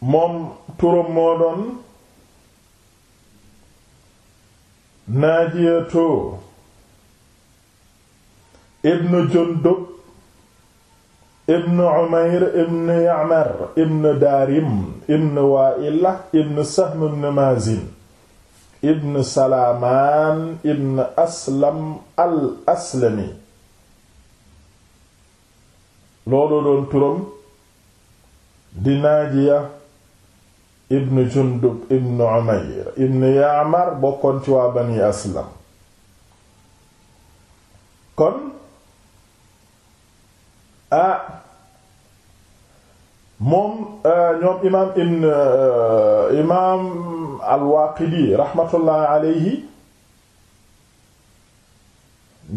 moom turam moo doon naajiyatu ibnu jundub ibnu umayr ibnu ya'mar ibnu daarim ibnu waa'ila ibnu sahm ibnu maazin ibnu salaamaan ibnu aslam al aslami loolu doon turam di naajiya ibn jundub ibn umayr ibn yaamar bokkoon ci waa bani aslam kon ah moom ñoom imaam ibn imaam al-Waaqidi raxmatullaahi alayhi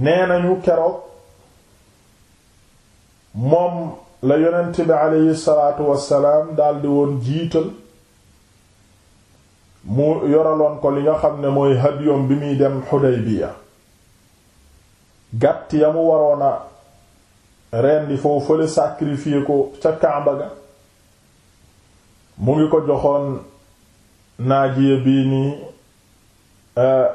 nee nañu keroog moom la yonent bi alayhi salaatu wassalaam daldi woon jiital mu yoraloon ko li nga xam ne mooy hadiyom bi muy dem Xudaybiya gàtt ya mu waroon a rendi foofu fële sacrifier ko ca Kaaba ga mu ngi ko joxoon naajiye bii nii eh,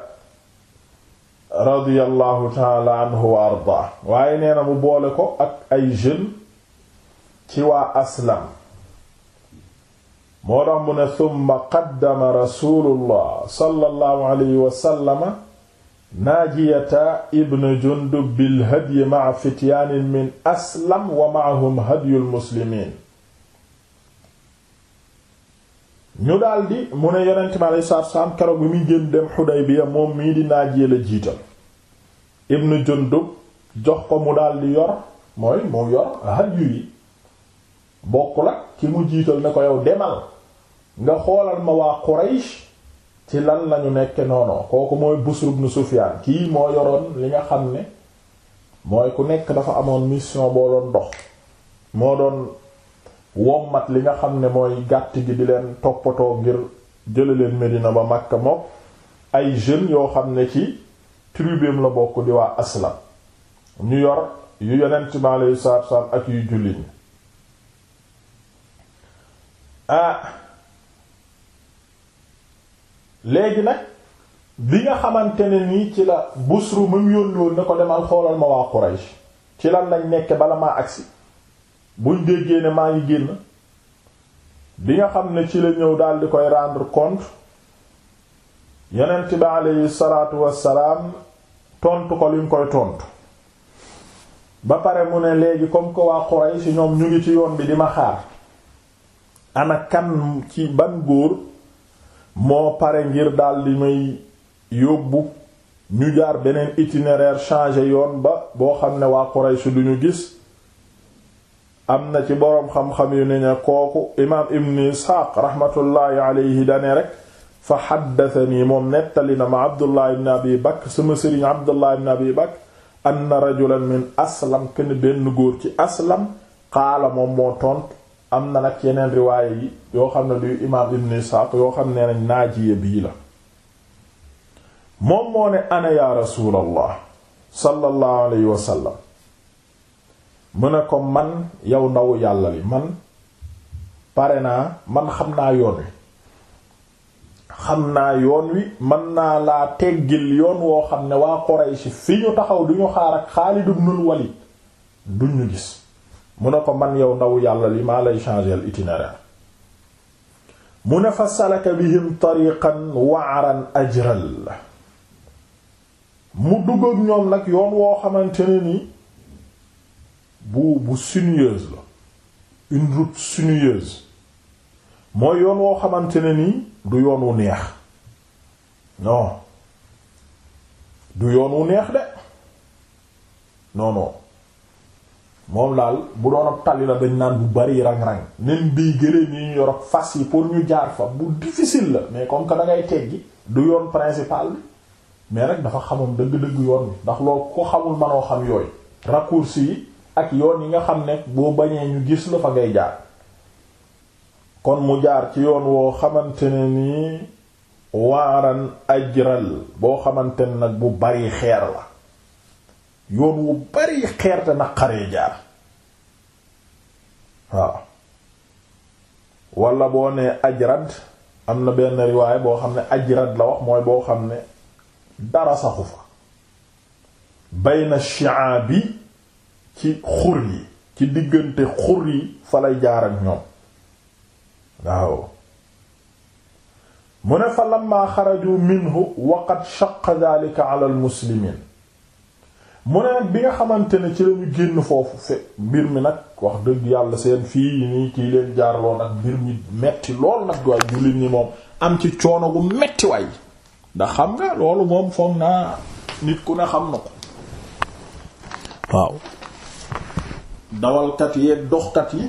radiyallahu taala anhu wa ardaa waaye nee mu boole ko ak ay jeune ci waa aslam moo tax mu ne thumma qaddama rasulullah wa sallama naajiyata ibn jundub bil hadyi ma'a fityaanin min aslam wa ma'ahum hadyul muslimiin ñu daldi mu ne yonent bi keroog bi muy dem Xudaybiya moom mii di naajiya la jiital ibn jundub jox ko mu daldi yor mooy mu yor hadyu yi bokk la ki mu jiital ne ko yow demal nga xoolal ma waa Quraysh ci lan lañu nekk noonoo kooku mooy Busr ibn Sufyan kii moo yoroon li nga xam ne mooy ku nekk dafa amoon mission boo doon dox moo doon wommat li nga xam ne mooy gàtt gi di leen toppatoo ngir jële leen Medina ba Makka moom ay jeunes yoo xam ne ci tribeem la bokk di waa Aslam ñu yor yu yonent bi alayhi salaatu wassalaam ak yu jullit ah léegi nag bi nga xamante ne nii ci la busru mum yónni woon ne ko demal xoolal ma waa Quraysh ci lan lañ nekke bala maa agsi buñ déggee ne maa ngi génn bi nga xam ne ci la ñëw daal di koy rendre compte yonent bi aleyhi salaatu wassalaam tontu ko luñ koy tontu ba pare mu ne léegi comme que waa Quraysh ñoom ñu ngi ci yoon bi di ma xaar ana kan ci ban góor moo pare ngir daal di may yóbbu ñu jaar beneen itinéraire changé yoon ba boo xam ne waa Quraysh duñu gis am na ci boroom xam-xam yu ne kooku imaam ibn Isxaaq raxmatullaahi alayhi dane rek fa xaddatani moom nettali na ma Abdullah ibn Abi Bakr sama sëriñ Abdullah ibn Abi Bakr anna rajulan min aslam kenn benn góor ci aslam qaala moom moo tontu am na nag yeneen riwaaya yi yoo xam ne du imaam ibn Isaaq yoo xam ne nañ naajiye bii la moom moo ne ana ya rasuulallah sallallahu alayhi wa sallam ko man yow ndaw yàlla li man pare naa man xam naa yoon wi xam naa yoon wi mën naa laa teggil yoon woo xam ne waa Quraysh fi ñu taxaw duñu xaar ak Xaalid ibn Walid duñu gis mu ne ko man yow ndaw yàlla li maa lay changer l'itinéraire mu ne fa salaka bihim tariqan waaran ajral mu dugg ak ñoom nag yoon woo xamante ne ni bu bu sinueuse la une route sinueuse mooy yoon woo xamante ne ni du yoon wu neex non du yoon wu neex de noonu moom laal bu doon ab tali la dañ naan bu bari rang-rang nen biy gëléem yi ñu yor fas yi pour ñu jaar fa bu difficile la mais comme que da ngay teggi du yoon principal mais rek dafa xamul dëgg-dëgg yoon bi ndax loo ko xamul mënoo xam yooyu raccourci yi ak yoon yi nga xam ne boo bañee ñu gis la fa ngay jaar kon mu jaar ci yoon woo xamante ne nii waaran ajral boo xamante ne nag bu bari xeer la yoon wu bari xeer te naqaree jaar waaw wala boo nee ajrad am na benn riwaay boo xam ne ajrad la wax mooy boo xam ne dara saxu fa bayna bi ci xur yi ci diggante xur yi fa lay jaar ak ñoom waaw mu ne fa lamma xaraju minhu wa qad shaqqa dhalika ala mu ne bi nga xamante ne ci lañu ñu génn foofu fe mbir mi nag wax dëgg yàlla seen fii yi nii kii leen jaaraloon ak mbir mi metti lool nag waaye jullit ñi moom am ci coono gu metti waay ndax xam nga loolu moom foog naa nit ku ne xam na ko waaw dawalkat yi doxkat yi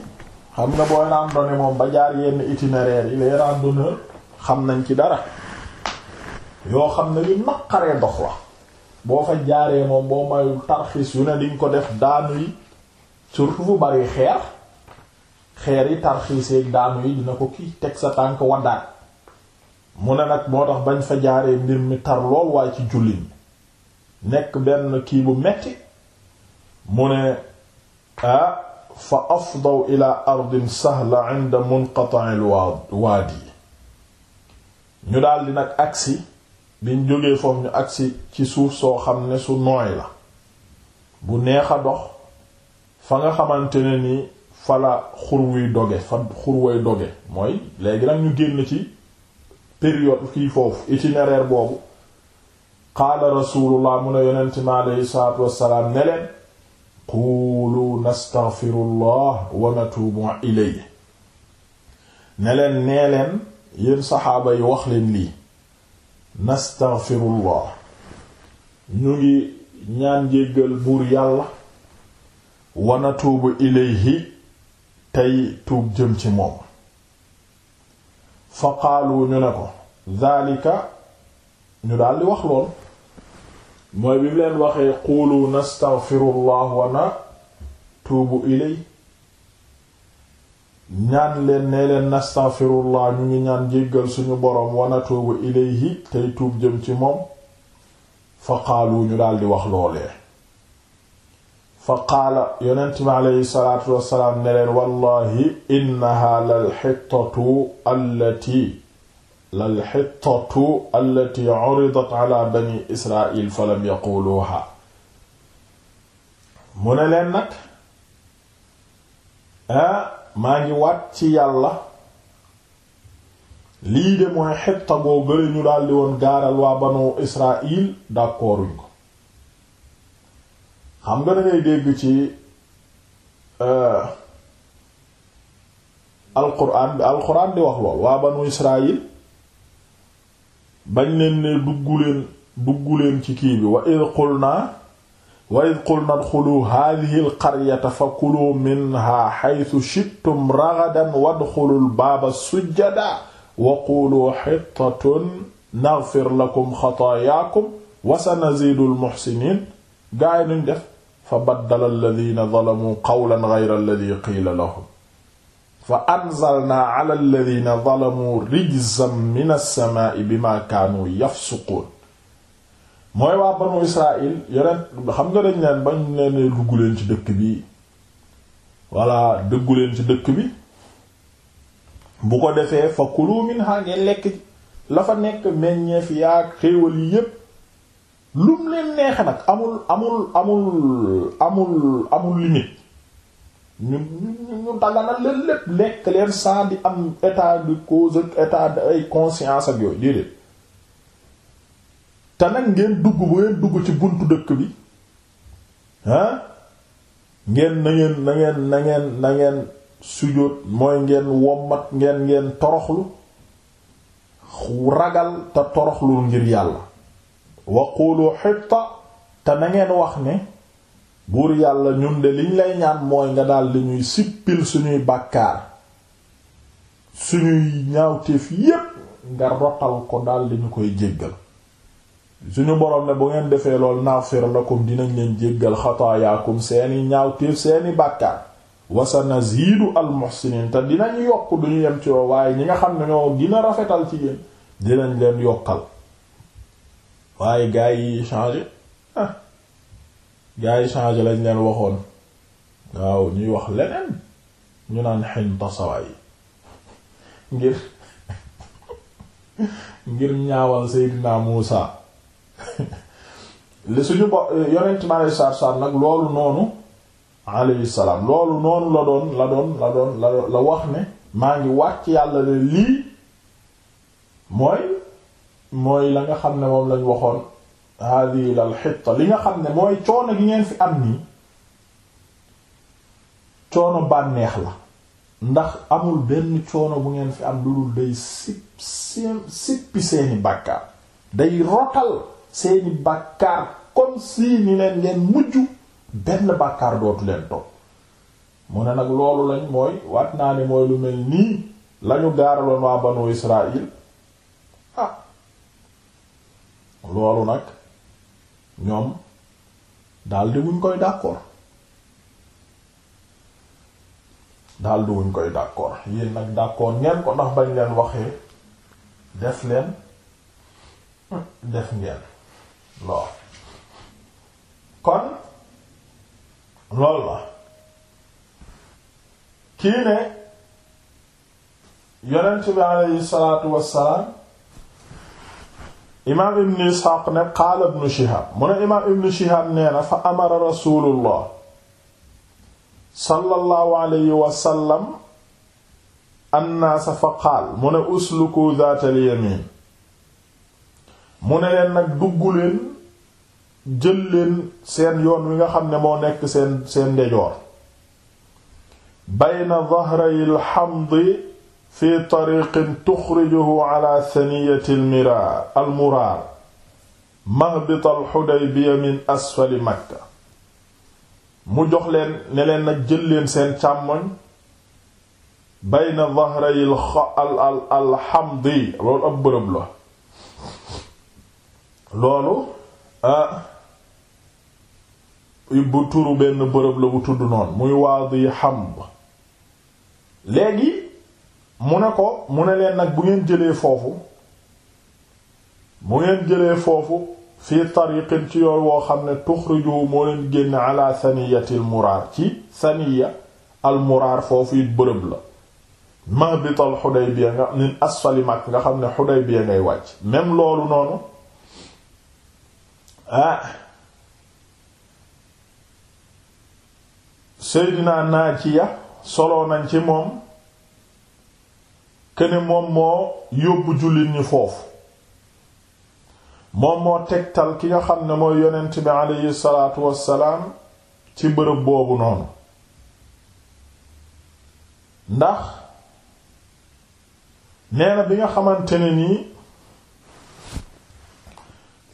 xam nga booy randonnée moom ba jaar yenn itinéraire yi les randonneurs xam nañ ci dara yoo xam ne li naqaree dox la boo fa jaaree moom boo mayul tarxis yu ne diñ ko def daanu yi surtout fu bari xeer xeer yi tarxiiseeg daanu yi dina ko kii teg sa tànk waddaat mu ne nag moo tax bañ fa jaaree mbir mi tar lool waaye ci jullit nekk benn kii bu metti mu ne ah fa afdaw ila ardin sahla inda munqata'il waadi ñu daldi nag agsi biñ jógee foofu ñu agsi ci suuf soo xam ne su nooy la bu neex a dox fa nga xamante ne ni fa la xur wuy doge fa xur way doge mooy léegi nag ñu génn ci période fii foofu itinéraire boobu qaala rasulullah mun a yonent mi aleyhi salaatu wassalaam ne leen quulu nastaghfirullah wa natubu ilayhi ne leen nee leen yéen saxaaba yi wax leen lii nastaghfirullah ñu ngi ñaan jéggal buur yàlla wa natuubu ilayhi tey tuub jëm ci moom fa qaalu ñu ne ko daalika ñu daldi wax lool mooy bi mu leen waxee quulu nastaghfirullah wa natuubu ilayhi ñaan leen nee leen ñu ngi ñaan jéggal suñu borom wa natubu ilayhi tey tuub jëm ci moom fa qaalu ñu daldi wax loole fa qaala yonent bi aleyhi salaatu wassalaam ne leen wallahi innaha lal xittatu allati lal xittatu allati uridat ala bani israil fa lam yaquluha mu ne leen nag ah, maa ngi waat ci yàlla lii de mooy xetta goo gële ñu daldi woon gaaral waa banu Israël d'accorduñ ko xam nga dangay dégg ci euh, alquran bi alquran di wax lool waa banu Israël bañ leen ne duggu leen duggu leen ci kii bi wa id qulna wa id qulna adxulu hadihi alqaryata fa kuluu minha xaytu shittum ragadan wadxulu lbaaba sujjada wa quluu xittatun nagfir lakum xataayaakum wa sanaziidu almuxsiniin gaay nuñ def fa baddala alladina dalamuu qawlan gayra alladi qiila lahum fa anzalnaa ala alladina dalamuu rijzan min alsamaai bima kaanuu yafsuquun mooy waa banu Israël yeneen xam nga dañ leen ba ne ne dugg leen ci dëkk bi walla dëggu leen ci dëkk bi bu ko defee fa kulu minha ngeen lekk la fa nekk meññeef yaa xéewal yi yépp lum leen neexe nag amul amul amul amul amul limite ñu ñu daganal leen lépp lekk leen sans di am état de cause ak état de ay conscience ak yooyu déedéet te nag ngeen dugg bu ngeen dugg ci buntu dëkk bi ah ngeen na nangeen na ngeen na ngeen ngeen sujjóot mooy ngeen wommat ngeen ngeen toroxlu ragal te toroxlul ngir yàlla waqulu xitta te nangeen wax ne buur yàlla ñun de liñ lay ñaan mooy nga daal ñuy sippil suñuy bàkkaar suñuy ñaawteef yépp nga rotal ko daal ñu koy jéggal suñu boroom ne bu ngeen defee lool naghfir lakum dinañ leen jéggal xataayaakum seeni ñaawteef seeni bàkkaar wasanaziidu almuhsinin te dinañ yokk duñu yem ci waaye ñi nga xam ne ñoo gina rafetal ci yéen dinañ leen yokkal waaye gaa yi change ah gaa yi changé lañ leen waxoon waaw ñuy wax leneen ñu naan xin tasawaay ngir ngir ñaawal Seydina Muusa li suñu bo euh, yonent mi aleyhi salaatu salaam nag loolu noonu aleyhi salaam loolu noonu la doon la doon la doon la la wax ne maa ngi wàcc yàlla ne lii mooy mooy la nga xam ne moom lañ waxoon hadihi lal xitta li nga xam ne mooy coono gi ngeen fi am nii coono bànneex la ndax amul benn coono bu ngeen fi am lu dul day sip sippi seeni bàkkaar day rotal seeni bàkkaar comme si ni leen leen mujj benn bàkkaar dootu leen topp mu ne nag loolu lañ mooy waat naa ne mooy lu mel nii lañu gaaraloon waa banu Israël ah loolu nag ñoom daldi wuñ koy d'accord daldi wuñ koy d'accord yéen nag d'accord ngeen ko ndax bañ leen waxee def leen def ngeen kon loolu la kii ne yonent bi aleyhi salaatu wassalaam imaam ibn isxaaq ne qaala ibn shihaab mu ne imaam ibn shihaab nee na fa amara rasulullah sallallahu alayhi wasallam annaasa fa qaal mu ne usluku zaatal yamiin mu ne leen nag dugg leen jël seen yoon wi nga xam ne moo nekk seen seen ndejoor bayna dhahray alhamdi fi tariqin tuxrijuhu ala thaniyati almiraar almuraar mahbit alxudaybiya min asfali makka mu jox leen ne leen nag jël leen seen càmmoñ bayna dhahray alhamdi loolu ab bërëb la loolu ah bu turu benn bërëb la bu tudd noonu muy waadi Hamd léegi mu ne ko mu ne leen nag bu ngeen jëlee foofu bu ngeen jëlee foofu fii tariqin ci woo xam ne tuxrijuhu moo leen génne ala saniyatil muraar ci saniya al muraar foofu it bërëb la mahbital Hudaybiya nga min asfali mag nga xam ne Hudaybiya ngay wàcc même loolu noonu ah Seydina Naajiya soloo nañ ci moom këne moom moo yóbbu jullit ñi foofu moom moo tegtal ki nga xam ne mooy yonent bi aleyhi salaatu wassalaam ci bërëb boobu noonu ndax nee bi nga xamante nii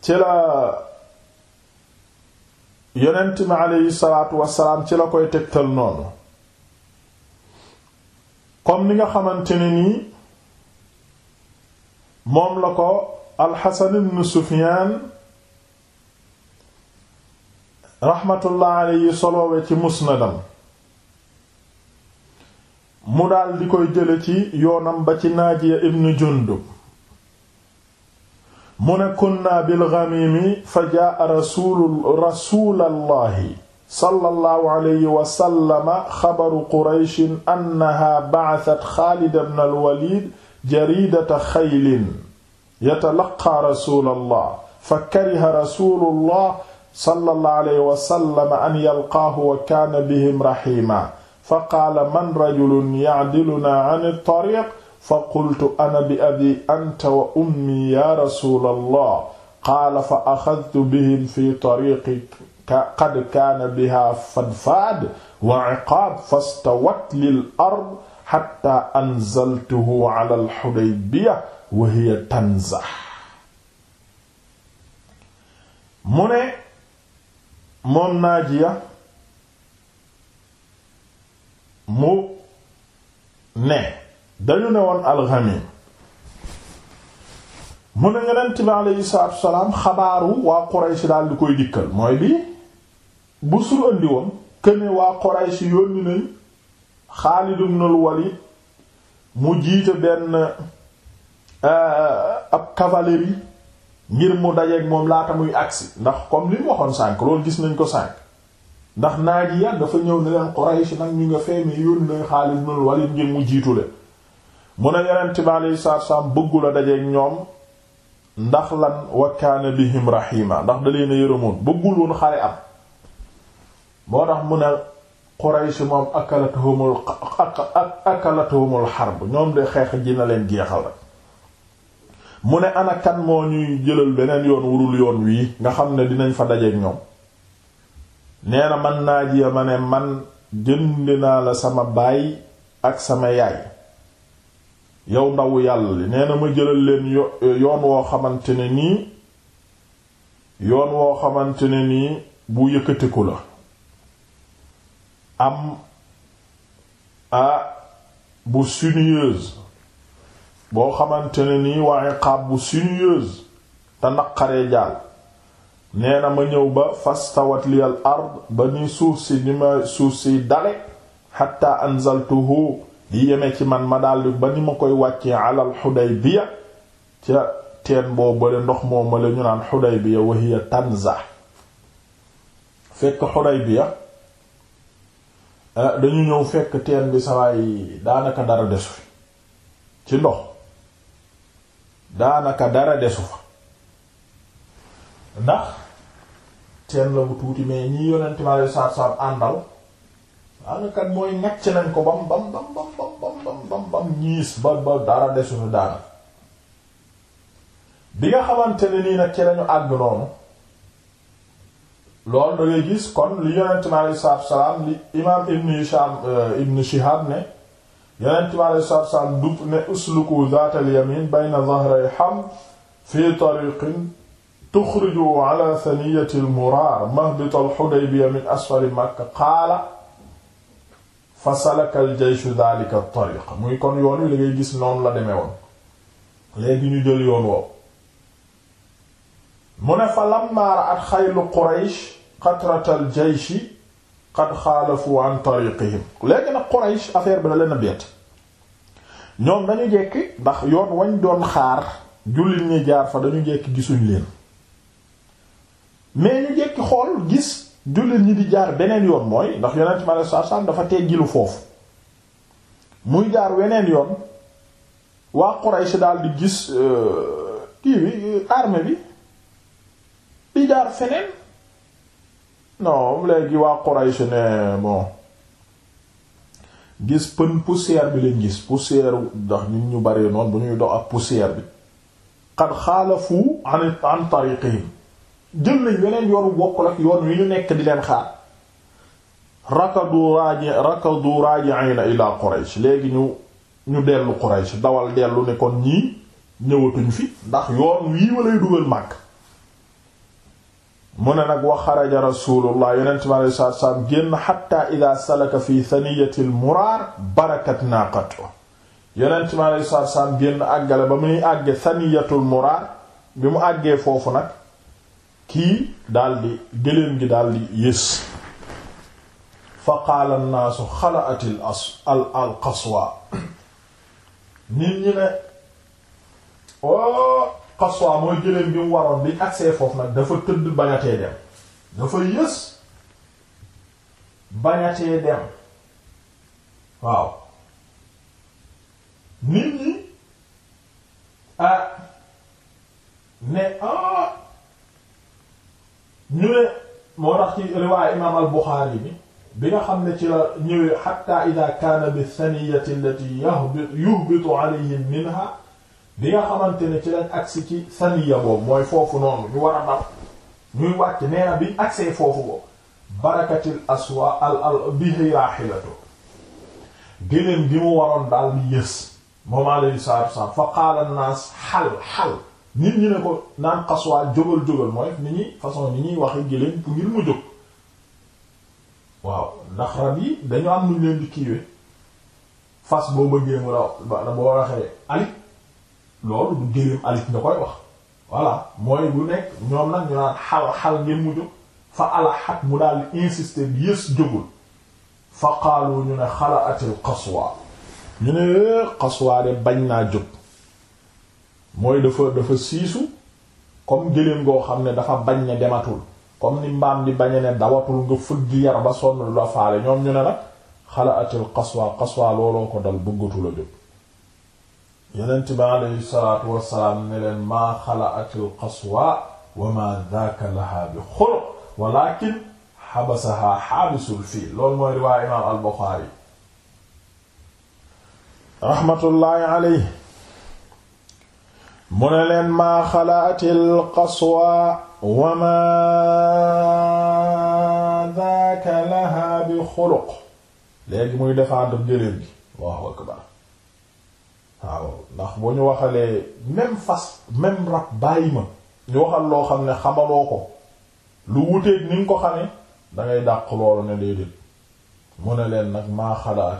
ci la yonent mi aleyhi salaatu wasalaam ci la koy tegtal noonu comme ni nga xamante ni nii moom la ko alxasan ibn sufiyaan raxmatullah yi soloowe ci musnadam mu daal di koy jële ci yoonam ba ci naajiya ibn jundub mu ne kunna bilghamimi fa jaa rasulu rasulallahi sallallahu alayhi wa sallama xabaru qurayshin annaha ba'athat xaalida bna alwalid jaridata xaylin yatalaqaa rasulallah fa kariha rasulullah sallallahu alayhi wa sallama an yalqaahu wa kaana bihim raxiima fa qaala man rajulun ya'diluna 'an at-tariiq fa qultu ana bi abi anta wa ummi ya rasul allah qaala fa axadtu bihim fi tariqi qad kaana biha fadfaad wa ciqaab fastawat lil ard xatta anzaltuhu ala alxudaybiya wa hiya tanzax mu ne moom naajiya mu ne dañu ne woon alxamim mu ne yonent bi aleyhi salaatu salaam xabaaru waa Quraysh daal di koy dikkal mooy bi bu sur andi woon këne waa Quraysh yónni nañ Xaalid ibnul Walid mu jiite benn euh, ab cavalerie ngir mu dajeeg moom laata muy agsi ndax comme li mu waxoon sànk loolu gis nañ ko sànk ndax Naajiya dafa ñëw ne leen Quraysh nag ñu nga feeme yónni nañ Xaalid ibnul Walid ngir mu jiitu leen mu ne yonent bi alayhi salaatu wasalaam bëggula dajeek ñoom ndax lan wa kaana bihim rahima ndax da leen a yërëmoon bëggul woon xare am moo tax mu ne Quraysh moom akalatuhumul akalatuhumul ñoom de xeex ji na leen jeexal rek mu ne ana kan moo ñuy jëlal beneen yoon wurul yoon wii nga xam ne dinañ fa dajeek ñoom nee na man naa jiya ma ne man jënd naa la sama baay ak sama yaay yow ndaw yàlla li nee na ma jëlal leen yoon woo xamante ne nii yoon woo xamante ne nii bu yëkkatiku la am a bu sinueuse boo xamante ne nii waaye xaab bu sinueuse te naqaree jaal nee ma ñëw ba fastawat liyal ard ba ni suuf si ni suuf si dale xatta anzaltuhu di yeme ci man ma daldi ba ni ma koy wàccee alal Xudaybiya ca teen boo bale ndox moo ma la ñu naan Xudaybiya wa hiya Tanza fekk Xudaybiya eh, dañu ñëw fekk teen bi sawaay daanaka dara desu ci ndox daanaka dara desu fa ndax teen la bu tuuti mais ñi yonent ma saar saar àndal ana kat mooy ñàcc nañ ko bam bam bam bam bam bam bam bam ñiis ba ba dara desuñu daana bi nga xamante ne nii nag ci lañu àgg noonu loolu da ngay gis kon li yonent mi aleyhi salaam li imaam ibn Hisham euh, ibn Shihab ne yonent salaam dupp ne usluku zaata al-yamin bayna dhahray hamd fi tariqin tuxriju ala thaniyati al mahbit al-Hudaybiya min asfali Makka qaala fa salaka al jayshu dhalika at muy kon yoon wi la ngay gis noonu la demee woon léegi ñu jël yoon woowu mu ne fa lamma ra'at xaylu quraysh qatrata al jayshi qad xaalafu an léegi nag quraysh affaire bi da leen a bett ñoom dañu jekki ndax yoon wañ doon xaar jullit ñi jaar fa dañu jekki gisuñ leen mais ñu jekki xool gis jullit ñi di jaar beneen yoon mooy ndax yonent ma la sarsam dafa teggilu foofu muy jaar weneen yoon waa Quraysh daal di gis euh, kii bi euh, armée bi di jaar feneen non léegi waa Quraysh ne bon gis pën poussière bi lañ gis poussière ndax ñu bari noonu bu ñuy dox ak poussière bi qad xaalafu an an tariqihim jël nañ weneen yoonu bokkul ak yoon wi ñu nekk di leen xaar rakadu raaji rakadu raaji'ina ila Quraysh léegi ñu ñu dellu Quraysh dawal dellu ne kon ñii ñëwatuñ fi ndax yoon wii ma lay dugal màgg mu ne nag wa xaraja rasulullah yonente mi alei satu génn xatta ida salaka fi thaniyati l muraar naa naaqatu yonente mi alei satu salaam génn àggale ba muy àggee thaniyatul muraar bi mu àggee foofu nag kii daldi gëléem gi daldi yées fa qaala nnaasu xalaatil as al al qaswa nit ñi ne oo oh, qaswa mooy gëléem bi waroon bi agsee foofu nag dafa tëdd bañatee dem dafa yées bañatee dem waaw nit ñi ah ne ah ñu ne moo tax bi bi nga xam ne ci la ñëwee hatta ida kaana bi saniyati allati yuhbitu alayhim minha bi nga xamante ne ci ci saniya mooy foofu noonu ñu war a dal ñuy wàcc nee na biñ agsee foofu boobu barakatil aswa bihi raahilatu géléem waroon daal di yës moom alayhi salaatu wa salaam fa qaala an-naas xal xal nit ñi ne ko naan xaswaa jógal jógal mooy ni ñuy façon ni ñuy waxe géléem pour ngir mu jóg waaw ndax rab yi dañu am nuñ leen di kiiwe fas boo bëggee mu la boo waxee alik loolu du géléem alik nga koy wax voilà mooy bu nekk ñoom nag ñu naan xal xal ngeen mu jóg fa alaxat mu daal insister bi yës jógul fa qaalu ñu ne xalaatil xaswaa ñu ne eh, xaswaa de bañ naa jóg mooy dafa dafa siisu comme gëléem ngoo xam ne dafa bañ ne dematul comme ni mbaam di bañ ne dawatul nga fëgg yar ba sonn la faale ñoom ñu ne nag xalaatil xaswaa xaswaa looloo ko dal bëggatula jóg yonent bi aleyhi salaatu wassalaam ne leen maa xalaatil xaswaa wa ma daaka lahaa bi xolo walakin xabasahaa xaabisul fii loolu mooy riwaaya imaam al raxmatullaahi aleyhi mu ne leen maa xalaatil qaswa wa maa daaka laha bi xuluq léegi muy défendre gëléem gi Allahu akbar waaw ndax bu ñu waxalee même fas même rab bàyyi ma ñu waxal loo xam ne xamaloo ko lu wuteeg ni ko xamee dangay dàq loolu ne déedéet mu ne leen nag maa al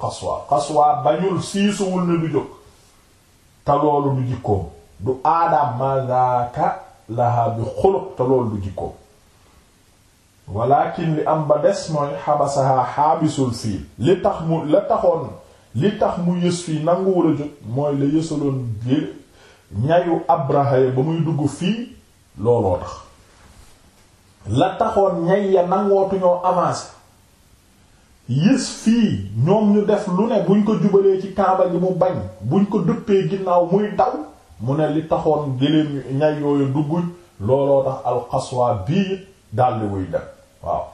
qaswa qaswa bañul siisuwul ne du jóg te loolu du jikkoom du aadaam mazaka laha bi xuluq te loolu du jikkoom walakin li am ba des mooy xabasaha xaabisul fii li tax mu la taxoon li tax mu yës fii nanguwul a jot mooy la yësaloon ñayu abraha ba muy dugg fii looloo tax la taxoon ñay ya nangootuñoo avancer yës fii ñoom ñu def lu ne buñ ko jubalee ci kaaba gi mu bañ buñ ko dëppee ginnaaw muy daw mu ne li taxoon géléem ñay yooyu dugguñ looloo tax alqaswa bii daldi wuy dem waaw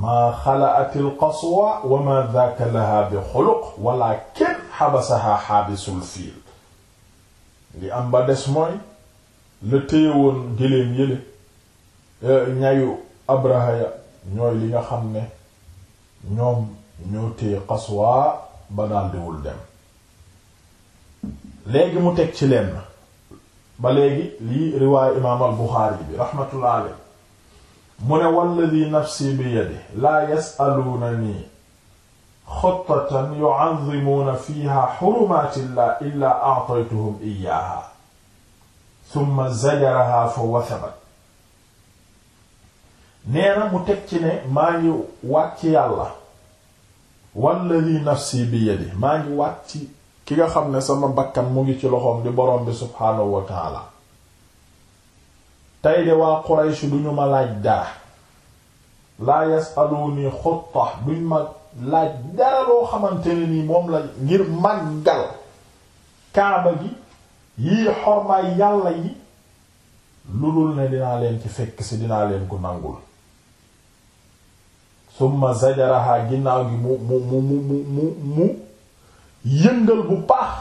maa xalaatil qaswa wa ma daaka laha bi xuluq walakin xabasaha xaabisul fiil li am ba des mooy la téyewoon géléem yële eh, ñayu abraha ya ñooy li nga xam ne ñoom ñoo téye Qaswa ba daldiwul dem léegi mu teg ci leen ba léegi lii riwaayu imaam al Buxaari bi rahmatullah alayhi mu ne walladi nafsi bi yadi laa yasaluunani xotatan yu'azzimuuna fiiha xurumatillah illaa a'taytuhum iyaaha summa zajaraha fa wasabat nee na mu teg ci ne maa ngi waat ci yàlla walladi nafsi bi yadi maa ngi waat ki nga xam ne sama bakkan mu ngi ci loxoom di borom bi subhaanahu wa taala tey de waa Quraysh duñu ma laaj dara laa yasaluni xutta duñ ma laaj dara loo xamante nii moom la ngir màggal kaaba gi yii xormaay yàlla yi lu dul ne dinaa leen ci fekk si dinaa leen ko nangul summa zajaraha ginnaaw gi mu mu mu mu mu mu yëngal bu baax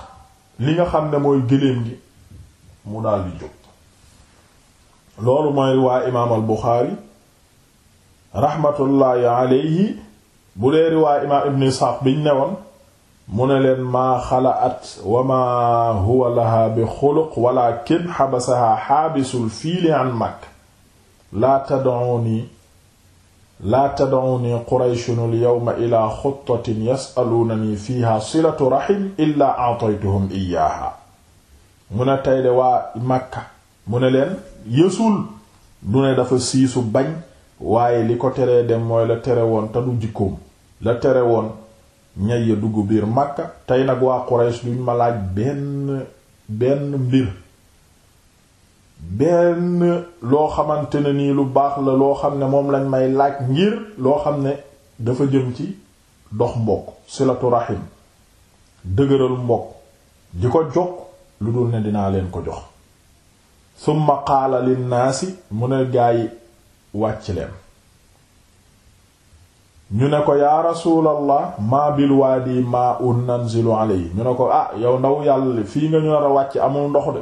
li nga xam ne mooy gëléem gi mu daal di jóg loolu mooy waa imaam al Buxaari raxmatullaahi alayhi bu dee riwaay imaam ibn Isxaaq biñ newoon mu ne leen maa xalaat wa maa huwa laha bi xuluq walaakin xabasahaa xaabisul fiili an Makka laa tad'uunii laa tad'uni qurayshun al-yawma ilaa xuttatin yas'aluunani fiihaa silatu rahim illaa a'taytuhum iyaaha mu ne tey de waa Makka mu ne leen yësul du ne dafa siisu bañ waaye li ko teree dem mooy la tere woon te du jikkoom la tere woon ñay ya dugg biir Makka tey nag waa Quraysh duñ ma laaj benn benn mbir benn loo xamante ne nii lu baax la loo xam ne moom lañ may laaj ngir loo xam ne dafa jëm ci dox mbokk silatu rahim dëgëral mbokk di ko jox lu dul ne dinaa leen ko jox summa qaala linnaasi mu ne gaa yi wàcci leen ñu ne ko yaa rasulallah maa waa waadi maa un nanzilu alayhi ñu ne ko ah yow ndaw yàlla fii nga ñu nar wàcc amul ndox de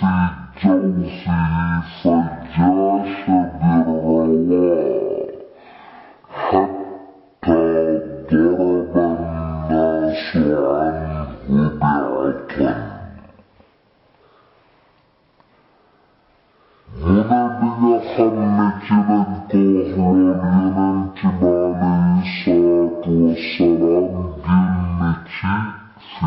سجوفه فالجاش برعواه حتى ضرب الناس عنه بعقل هنا بيحمل كبن كهران يننكب عليه الصلاة والسلام دينكي في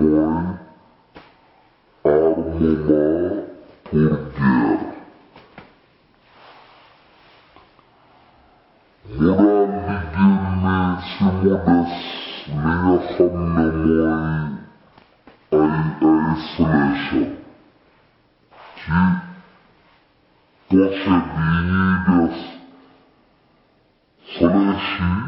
mai armă purgher. Moral digilme și modes mea hamne mai ai ai slășă. Ci poșe bine des slășii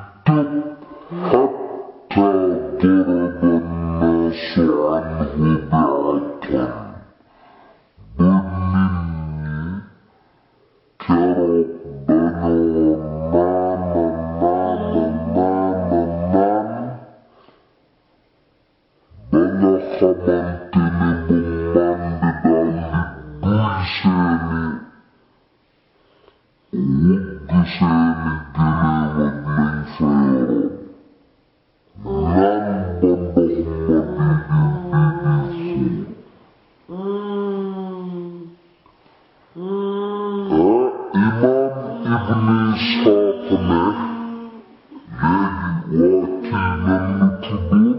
to be.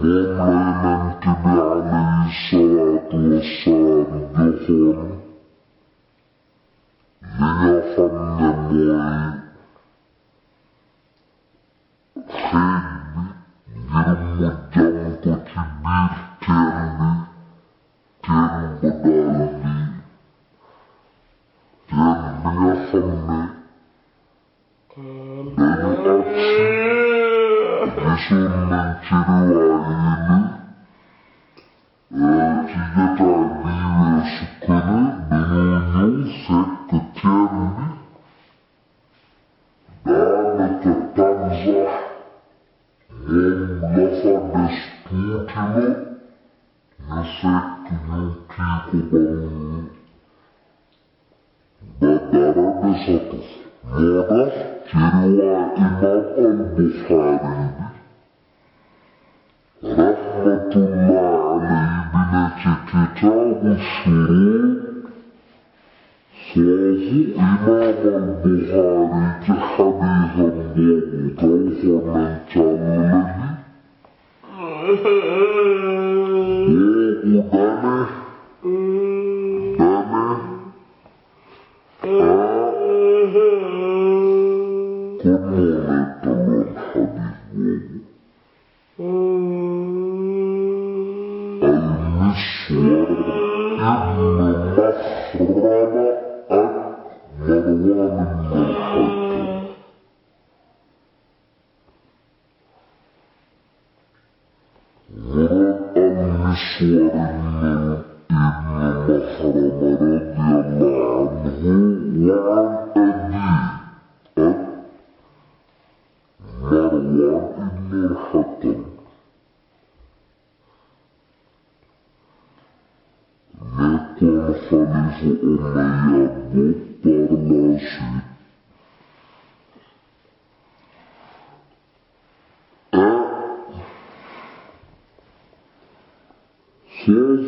moom la yonent bi alayhi salaatu wassalaam joxoon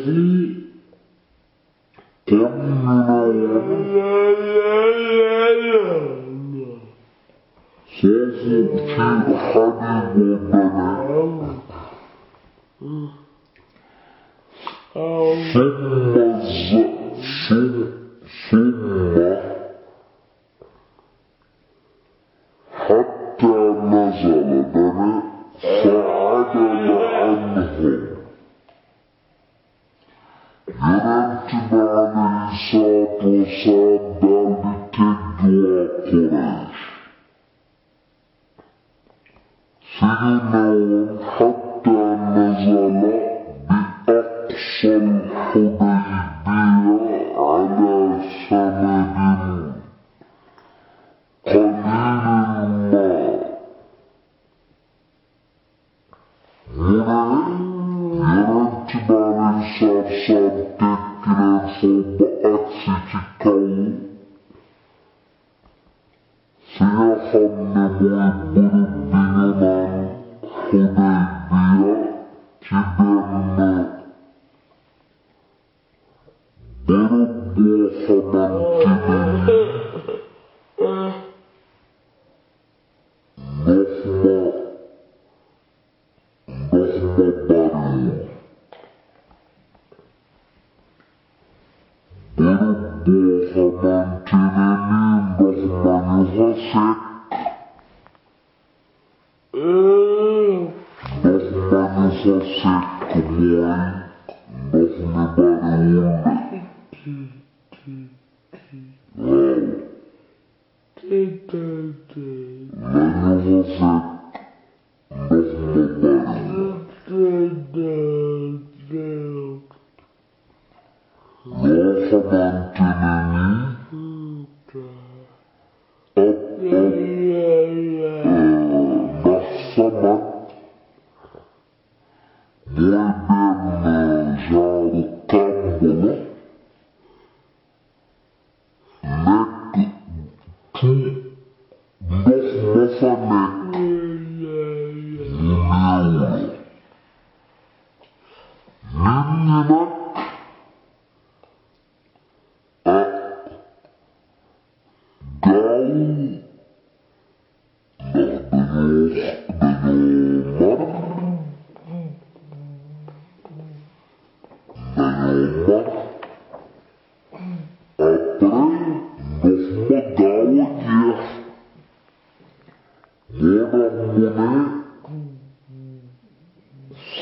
ci terminologie soosu ci xadiis boobu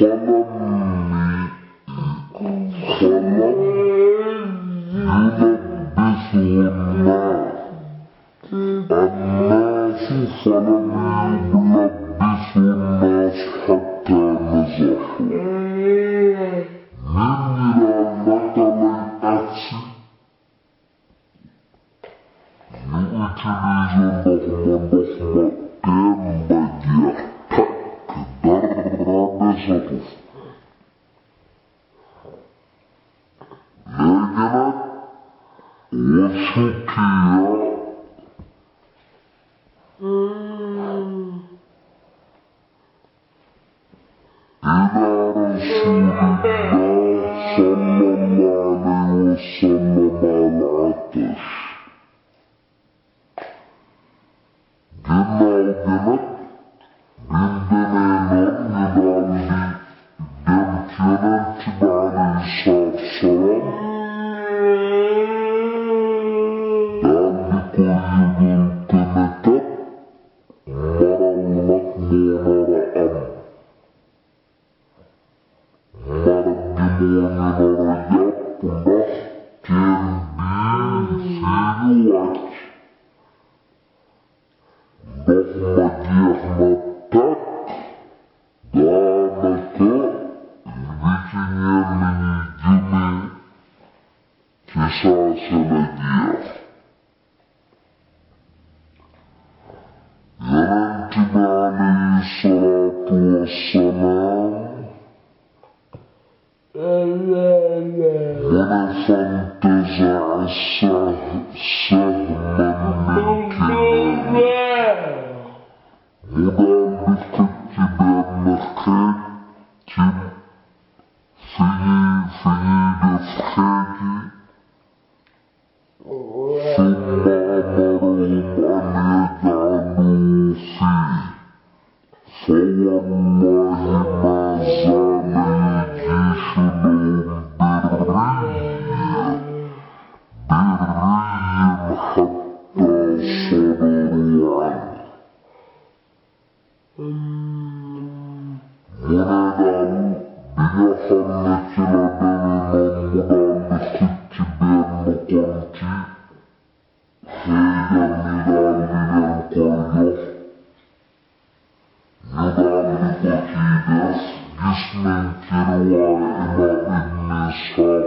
Salam tonti sai ammiragli del Coglio, miragli cocides, dismentiruae ma in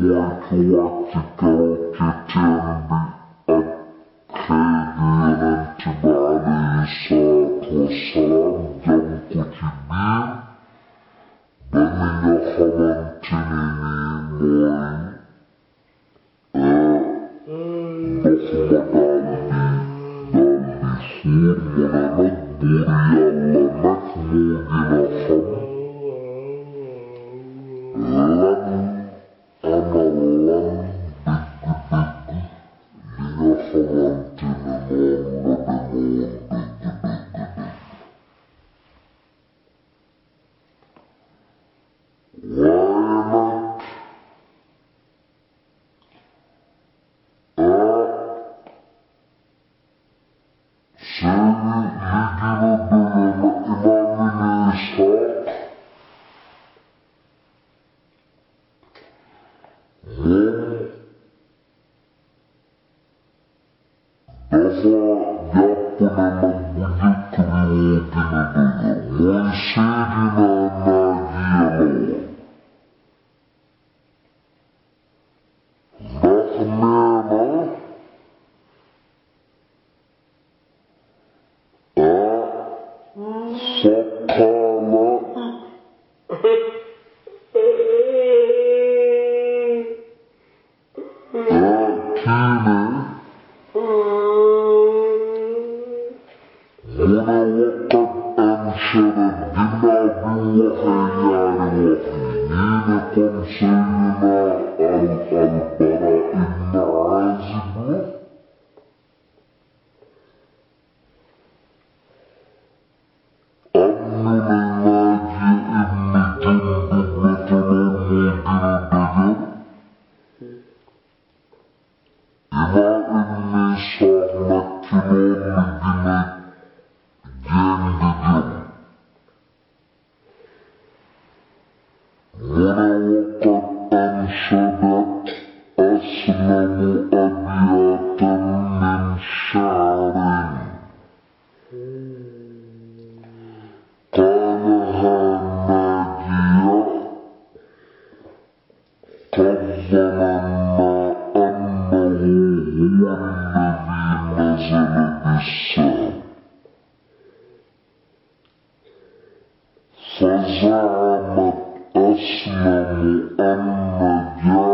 waktu waktu terkecil di akhir nanti bagi satu salam فزعمت أسلم أن جاءت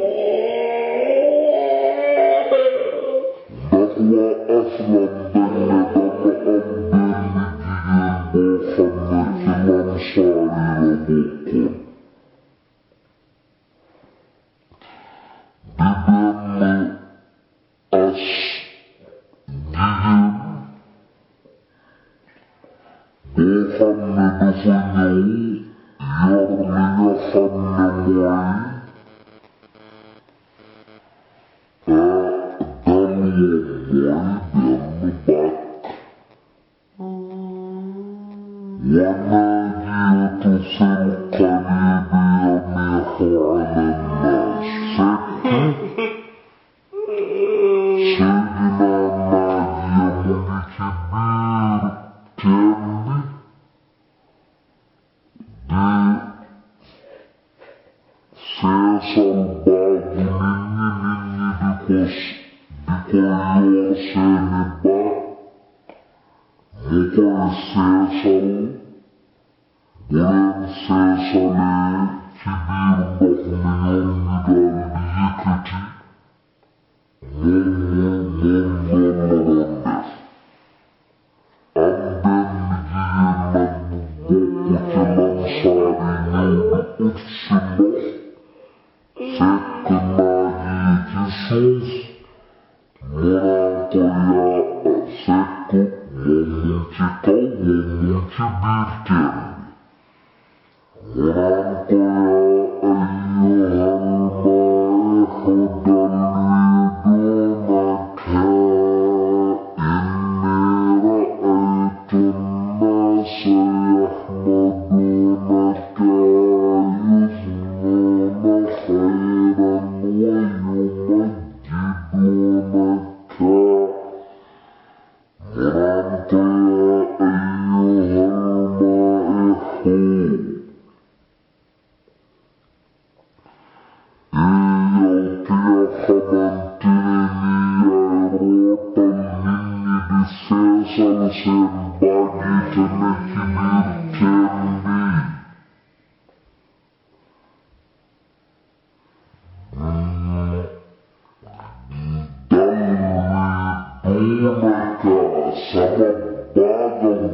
padamu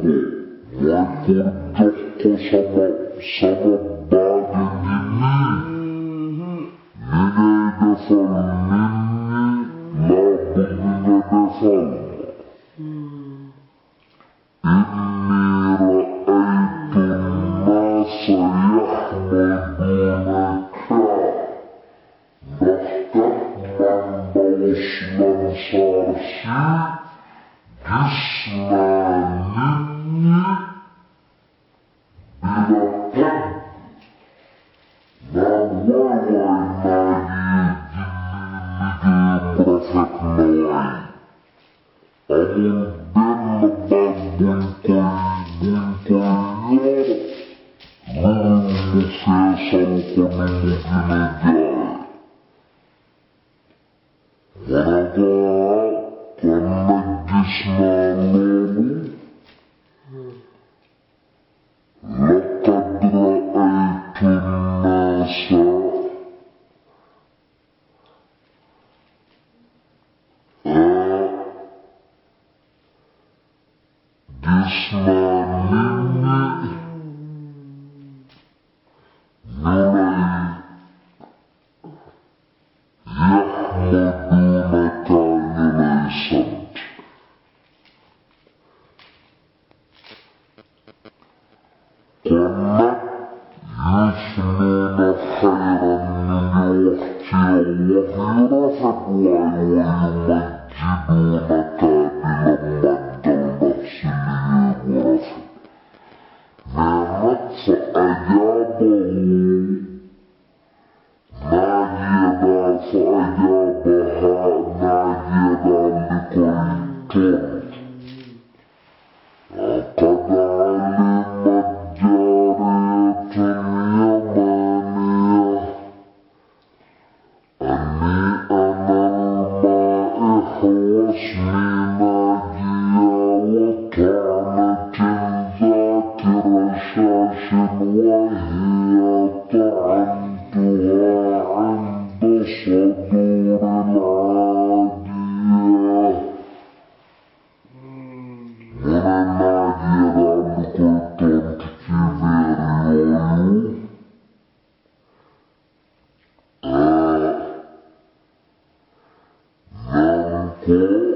waikun sama sama badannya ini nilai defal ini labuhnya defal ini ra'aitu nasa yahmadunaka bahkan membawa semansarsi jisma Mm-hmm.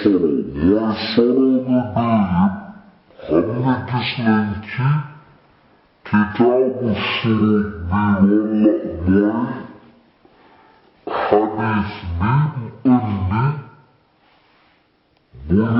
yaşayan, yaşayanı değil, hamle kişilen ki, kitab-ı şirk divanla hadis bin önüne, bunu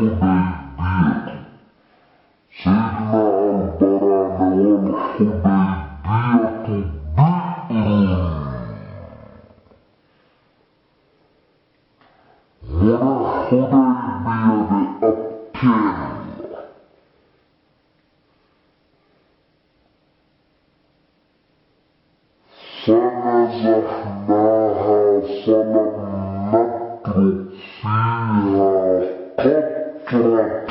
الحديبية سيدنا البرهان والحديبية بئر ولا حديبية أبتين فنزحناها فلم نترك فيها قط Correct.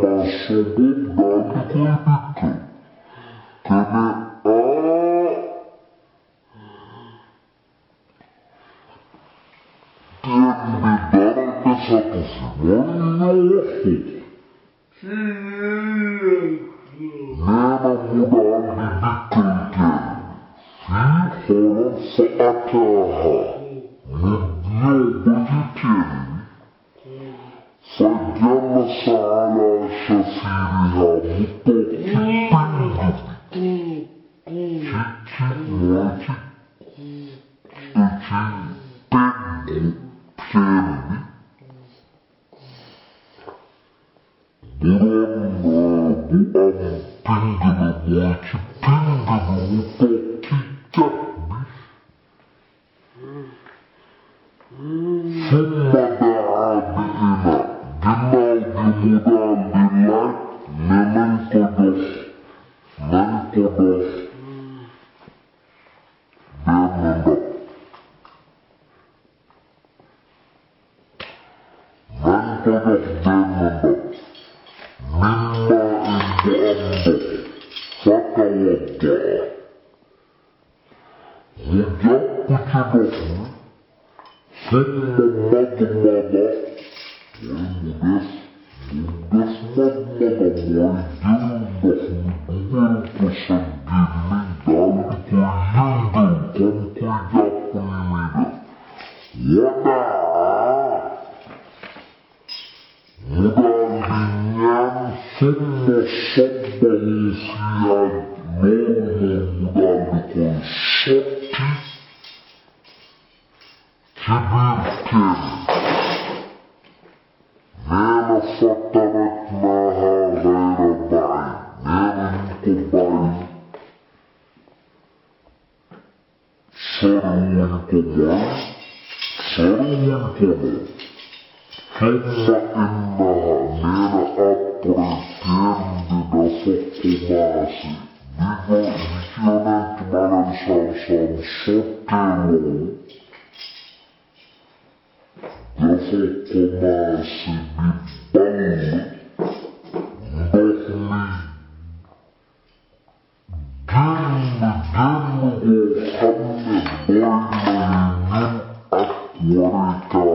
nasibundan dikuybitti. Kimi aa diyen bir darbe satışı var yoktu. Nene uh, mudan dikuyken fi horon saataha. burden قل من أطول كلام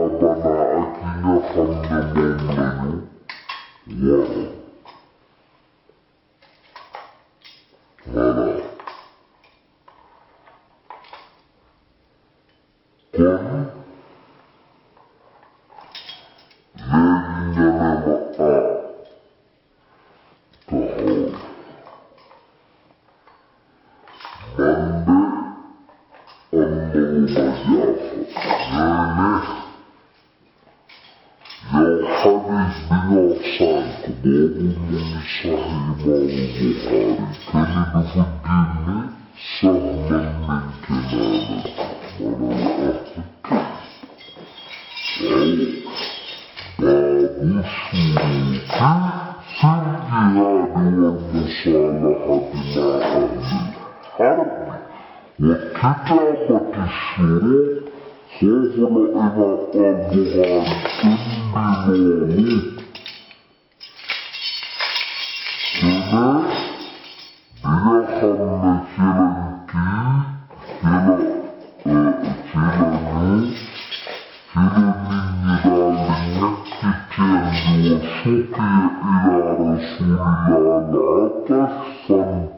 Kehana anak Abraham sendiri Jadi dia hamba cilanki Hela cilani Cilani yidalinya Kecendi wa sukiya ila Rasulillah Atas santi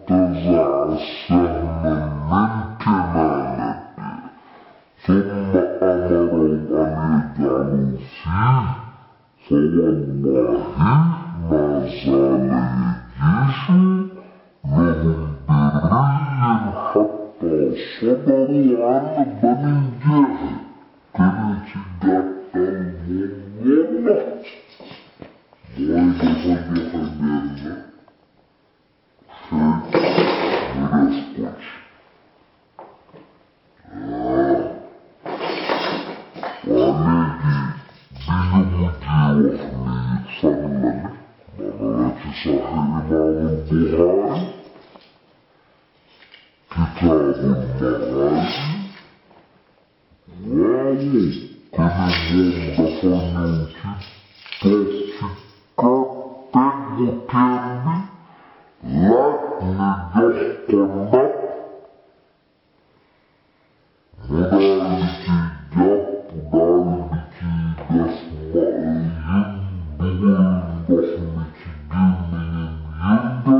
Фаланнахи Назалаегиши لهم بري حتى صبروا على başındaki gömleğin yanında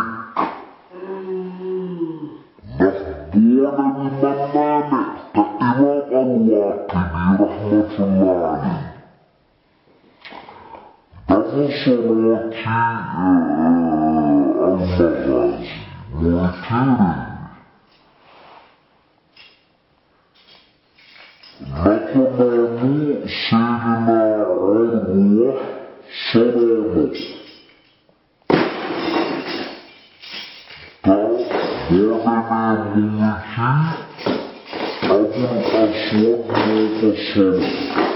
صلاتي الضغط منكرا مقام سيدنا عروة سلامة وضع ملكي أبو الأسود متصرف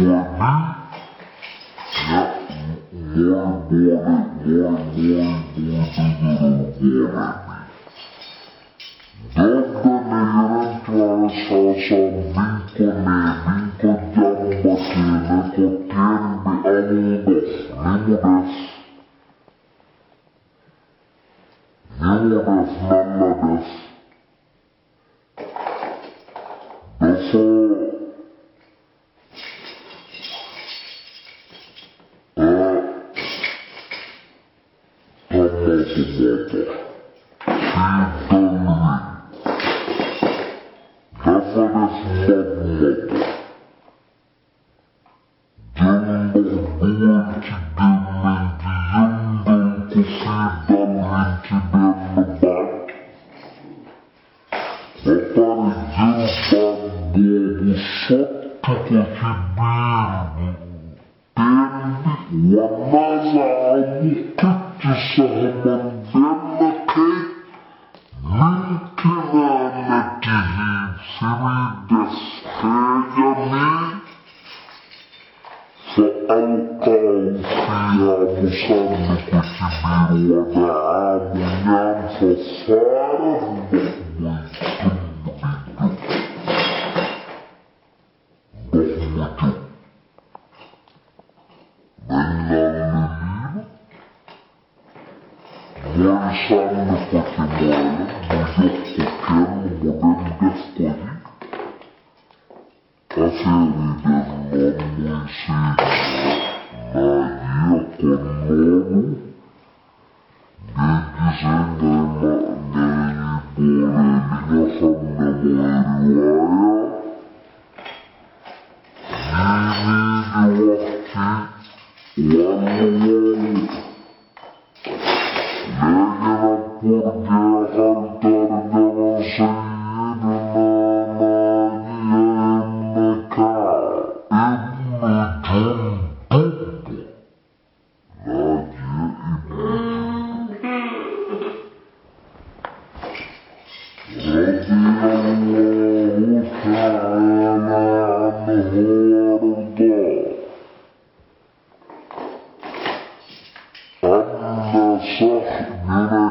Don't go near and try to solve some big Mama.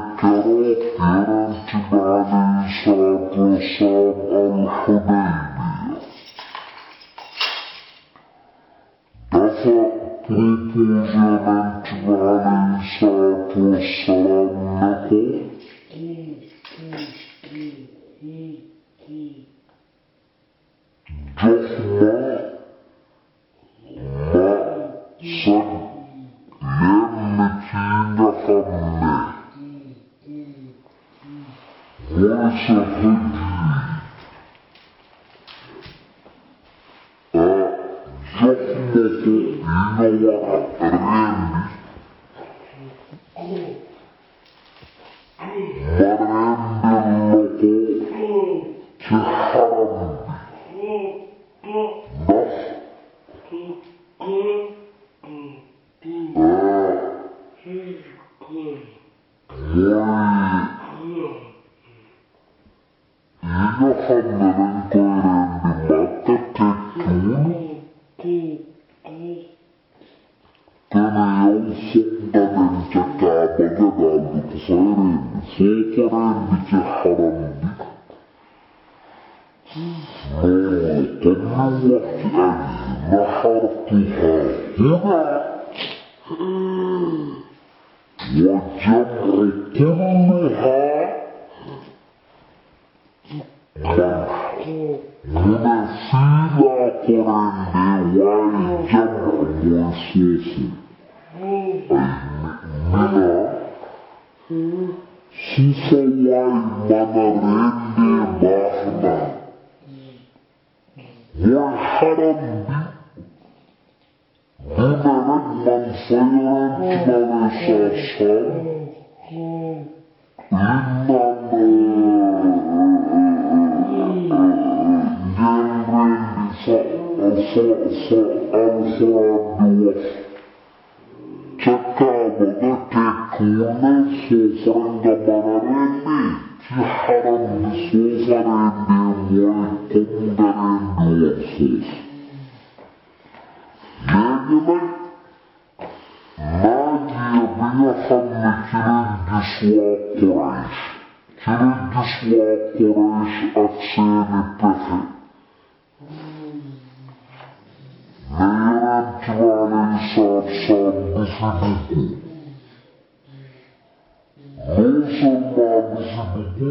Sonic,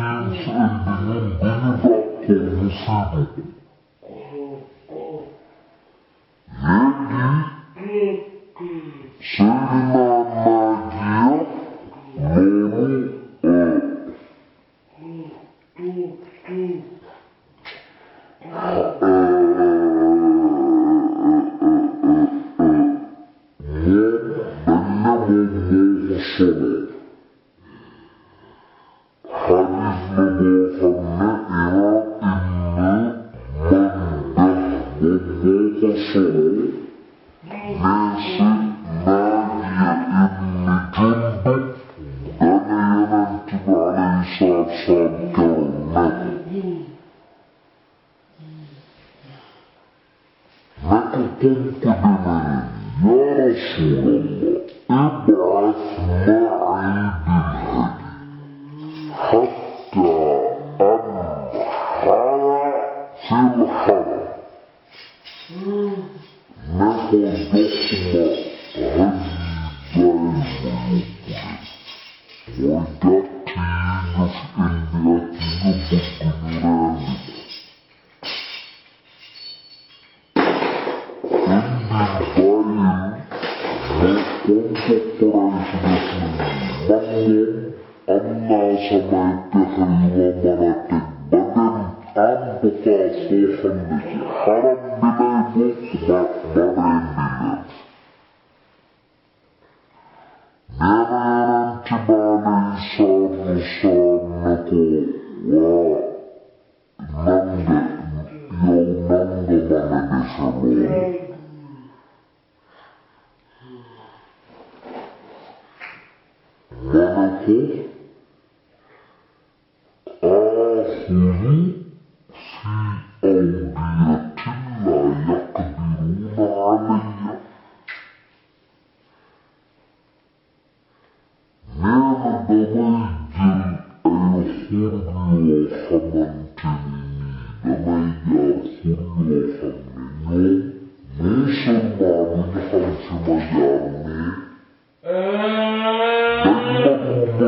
only adapted in the Sonic.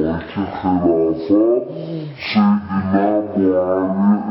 وقت خلافت سيدنا معاوية